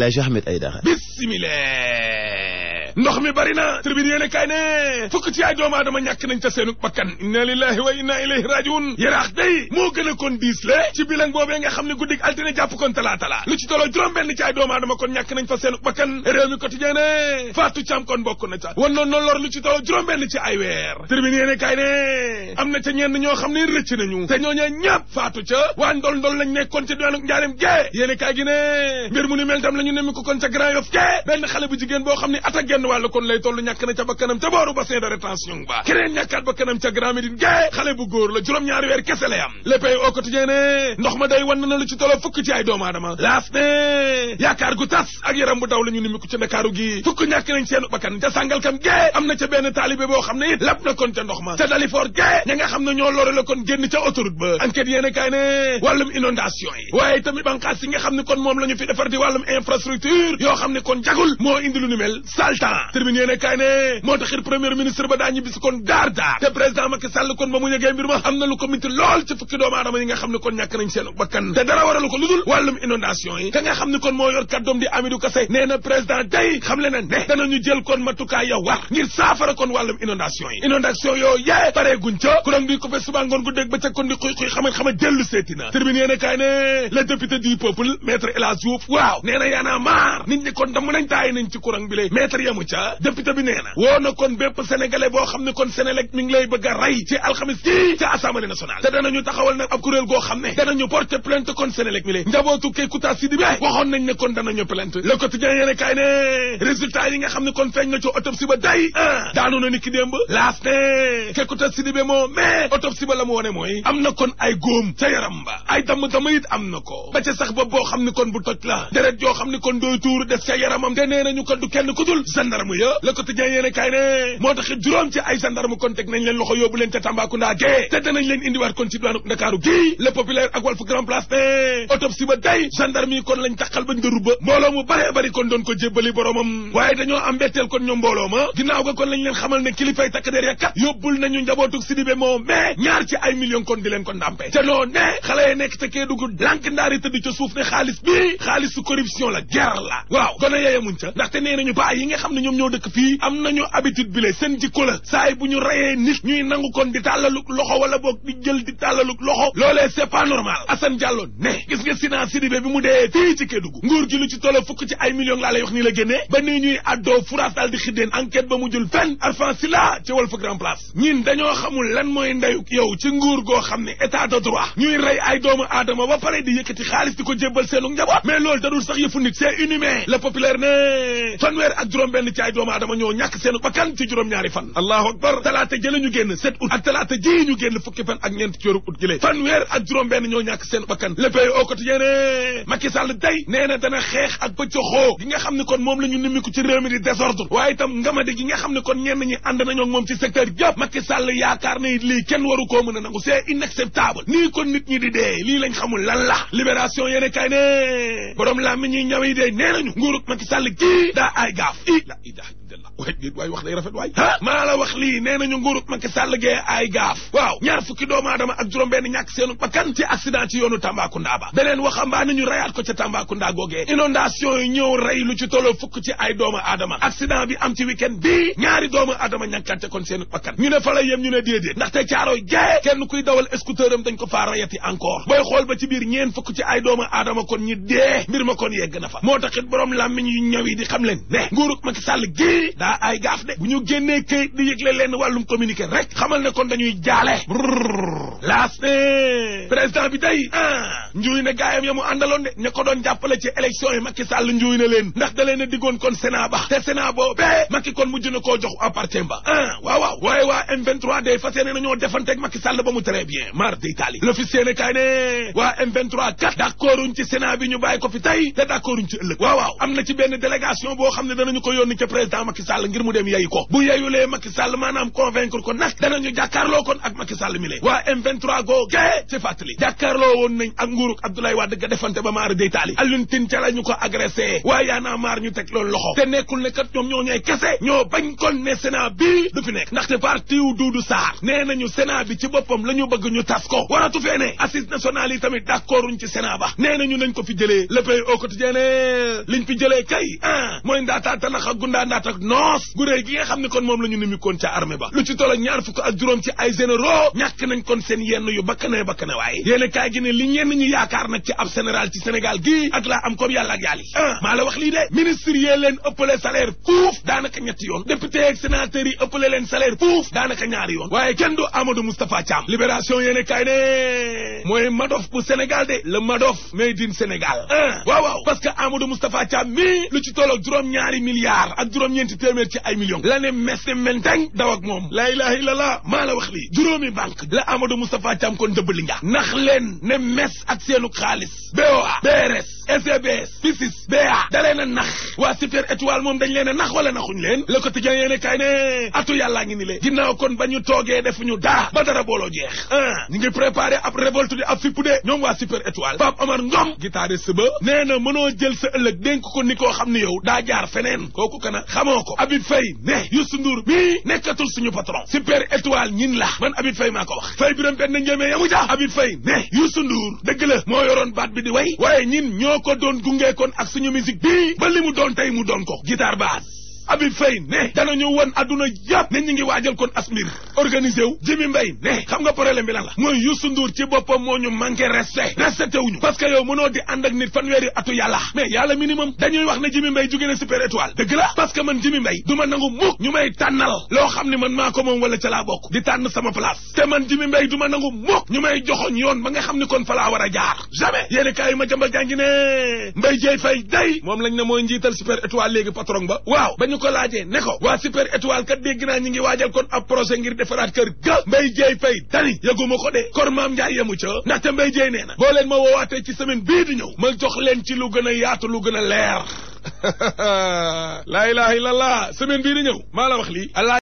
Alaaji Ahmed Aidara bismillah ndox mi bari na tribune yéene kaay ne fukk ci ay doomu aadama ñàkk nañ ca seenu bakkan inna lillahi wa inna ilayhi rajiun yaraax day moo gën a kon diis la ci bilan boobee nga xam ne guddig altine jàpp kon talaata la lu ci toloo juróom benn ci ay doomu aadama kon ñàkk nañ fa seenu bakkan réew mi quotidien ne faatu càm kon bokk na ca wan noon noonu lor lu ci toloo juróom benn ci ay weer tribune yéene kaay ne am na ca ñenn ñoo xam ne rëcc nañu te ñooñee ñàpp faatu ca waa ndol ndol lañ nekkoon ca diwaanu njaarim gee yéene kaay gi ne mbir mu ko kon ca Grand Yoff gee bu jigéen boo xam ne attaqué genn wàllu kon lay toll ñàkk na ca bakkanam ca booru bassin de rétention ba keneen ñàkkaat bakkanam ca Grand Médine gae xale bu góor la juróom-ñaari weer kese lay am Le Pays au quotidien ne ndox ma ma ca Dalifort gae ña nga xam ne inondation yi waaye tamit banqaas yi nga xam ne kon moom la ñu fi defar di wàllum infrastructure yoo xam ne kon jagul moo indi lu salta temps termine yéene kaay ne moo taxit premier ministre ba daa ñibbisi kon daar daar te président Macky Sall kon ba mu ñëgee mbir ma xam lu ko miti lool ci fukki doomu aadama yi nga xam ne kon ñàkk nañ seen bakkan te dara waralu ko lu dul wàllum inondation yi ka nga xam kon moo yor kàddoom di Amidou Kassé nee na day xam na ne danañu jël kon matukaay ya war ngir saafara kon wàllum inondation yi inondation yoo yee paree guñ ca di ko fe suba yamu ca député bi nee na woo na kon bépp sénégalais boo xam ne kon Sénélec mi ngi lay bëgg a rey ci alxamis ji ci assemblée nationale te danañu taxawal nag ab kuréel goo xam ne danañu porter plainte kon Sénélec mi le njabootu Keïta Sidibé waxoon ne kon kon feeñ na ci autopsie ne Keïta Sidibé moo mais autopsie ba la mu wone mooy am na kon ay góom ca yaram ba ay damm-damm it am na ko ba ca sax ba boo xam ne kon bu la deret yoo xam ne kon dooy tuuru des ca yaramam te nee nañu gendarme ya Le Quotidien yéen a kaay ne moo tax juróom ci ay gendarme kon teg nañ leen loxo yóbbu leen ca Tambacounda gee te danañ leen indiwaat kon ci diwaanu Ndakaaru gii Le Populaire ak Walf Grand Place ne autopsie ba day gendarme yi kon lañ taxal bañ nga rubba mbooloo mu baree bari kon doon ko jébbali boromam waaye dañoo am mbetteel kon ñoom mbooloo ma ginnaaw ga kon lañ leen xamal ne kilifay takk ya kat yóbbul nañu njabootug Sidibé moo mais ñaar ci ay millions ne ñoom ñoo dëkk fii am nañu habitude bi le seen jikko la saay bu ñu rayee nit ñuy nangu kon di tàllaluk loxo wala boog di jël di tàllaluk loxo loolee c'est pas normal Assane Diallo ne gis nga Sina Sidibé bi mu dee fii ci Kédougou nguur gi lu ci tolloo fukk ci ay millions laa lay wax nii la génnee ba ni ñuy addoo furaas daal di xiddeen enquête ba mu jul fenn Alpha Sylla ci Walf Grand Place ñin dañoo xamul lan mooy ndeyu yow ci nguur goo xam ne état de droit ñuy rey ay ba pare di yëkkati xaalis di ko jébbal seenu njaboot mais loolu dadul sax yëfu lenn ci ay doomu aadama ñoo ñàkk seenu bakkan ci juróom-ñaari fan allahu akbar talaata jële ñu génn sept août ak talaata ji ñu génn fukki fan ak ñeent ci weeru août jëlee fanweer ak juróom-benn ñoo ñàkk seenu bakkan le pays au quotidien Sall day nee dana xeex ak bëccëxoo gi nga xam ne kon moom la ñu nimmiku ci réew mi di désordre waaye itam ngamadi gi nga xam ne kon ñenn ñi ànd nañoo moom ci secteur yëpp Macky Sall yaakaar ne lii kenn waru koo mën lii lañ xamul lan la libération yéene kay ne borom làmmiñ ñi ñaw yi dee nee nañu nguurug Macky Sall kii daa ilaha illallah waay wax lay rafet waay ah maa wax lii nee nañu nguurub Macky Sall gee ay gaaf waaw ñaar fukki doomu aadama ak juróom benn ñàkk seen bakkan ci accident ci yoonu Tambacounda ba beneen waxambaane ñu rayaat ko ca Tambacounda googee inondation yi ñëw rey lu ci tolloo fukk ci ay doomu aadama accident bi am ci week-end bii ñaari doomu aadama ñàkkante kon seenu bakkan ñu ne fa la yem ñu ne déedéet ndaxte caaroy gae kenn kuy dawal scooter am dañ ko faa rayati encore booy xool ba ci biir ñeen fukk ci ay doomu kon ñi dee mbir ma kon yegg na fa moo taxit borom làmmiñ yu ñëw yi di xam leen ne Sall gii daa ay gaaf de bu ñu génnee këyit di yëgle leen wàllum communiqué rek xamal ne kon dañuy jaale laas ne président bi day ah njuuy ne gaayam ya mu àndaloon de ko doon jàppale ci élection yi Macky Sall njuuy ne leen ndax da leen a diggoon kon Sénat ba te Sénat boobee Macky kon mujj na koo jox appartient ba ah waaw waaw waaye waa M23 day fas yéene nañoo defanteeg Macky Sall ba mu très bien mar d'Italie l'office yéene kaay ne waa M23 kat ko fi tey te d'accorduñ benn délégation boo xam ne danañu ko yónni ca président Macky Sall ngir mu dem yeyu ko bu yeyulee Macky Sall maanaam convaincre ko nag danañu jàkkaarloo kon ak Macky mi lee waa M23 goo gae ci fàttali jàkkaarloo woon nañ ak nguuruk Abdoulaye defante ba maara day taali Alioune Tine ñu ko agressé waa yaanaa maar ñu teg loolu loxo te nekkul ne kat ñoom ñoo ñooy kese ñoo bañ kon ne Sénat bii du fi nekk ndaxte parti wu Doudou Sarr nee nañu Sénat bi ci boppam la ñu bëgg ñu tas ko waratu fee ne assise tamit ba nee nañu nañ ko fi jëlee le gundaandaat ak noos gu réy gi nga xam ne kon moom la ñu nimikoon ca armée ba lu ci toll ak ñaar fukk ak juróom ci ay généraux ñàkk nañ kon seen yenn yu bakkane bakkane waaye yéene kaay gi ne li ñenn ñu yaakaar nag ci ab général ci Sénégal gii ak laa am comme yàlla ak yàlla ah, maa la wax lii de ministre yee leen ëppale yi ëppale leen salaire fuuf daanaka ñaari yoon waaye kenn du Amadou Moustapha Thiam libération yéene kaay ne mooy Madoff bu Sénégal de le Madoff made in Sénégal ah, waaw waaw parce que Amadou Moustapha Thiam lu ci toll ak ñaari milliards milliards ak juróom-ñeenti téeméer ci ay millions la ne mes ne menteng daw ak moom la ilaha illallah maa la wax lii juróomi banque la Amadou Moustapha Thiam kon dëbb li nga nax leen ne mes ak seenu xaalis BOA BRS SCBS e PICIS BA dalee na nax waa super étoile moom dañ leen a nax wala naxuñ leen Le Quotidien yéene kaay ne atu yàllaa ngi ni le ginnaaw kon ba ñu toogee defuñu daa ba dara booloo jeex ah ñu ngi préparé ab révolte di ab fippu de ñoom waa super étoile Pape Omar Ngom guitariste ba nee na mënoo jël ëllëg dénk ko ni koo xam ne yow daa jaar feneen kooku kana xamoo ko Habib fay ne Youssou Ndour mii nekkatul suñu patron super étoile ñin la man Habib fay maa ko wax Faye biram benn njëmee yamu ja Habib Faye ne Youssou Ndour dëgg la moo yoroon baat bi di way waaye ñin ñoo ko doon gungeekoon ak suñu musique bii ba li mu doon tey mu doon ko guitare basse Habib Faye ne danañu won adduna yëpp ne ñu ngi waajal kon asmir organisé wu Jimi Mbaye ne xam nga problème bi lan la mooy Youssou Ndour ci boppam moo ñu manqué respect respecté parce que yow mënoo di ànd ak nit fanweeri atu yàlla mais yàlla minimum dañuy wax ne Jimi Mbaye jóge na super étoile dëgg la parce que man Jimi Mbaye du ma nangu mukk ñu may tànnal loo xam ne man maa moom wala ca laa di tànn sama place te man Jimi Mbaye du ma nangu mukk ñu may joxoñ yoon ba nga xam ne kon fa laa a jaar jamais yéeni kaay ma jambal jàngi ne moom lañ ne mooy njiital super étoile léegi patron ba waaw ñu ko laajee ne ko waa super étoile kat dégg naa ñi ngi waajal kon ab projet ngir defaraat kër ga mbay jeey fay dani yëguma ko de kor maam njaay yemu ca ndaxte mbay jeey nee na boo leen ma woowaatee ci semaine bii di ñëw ma jox leen ci lu a yaatu lu a leer laa ilaha illallah semaine bii di ñëw maa la wax lii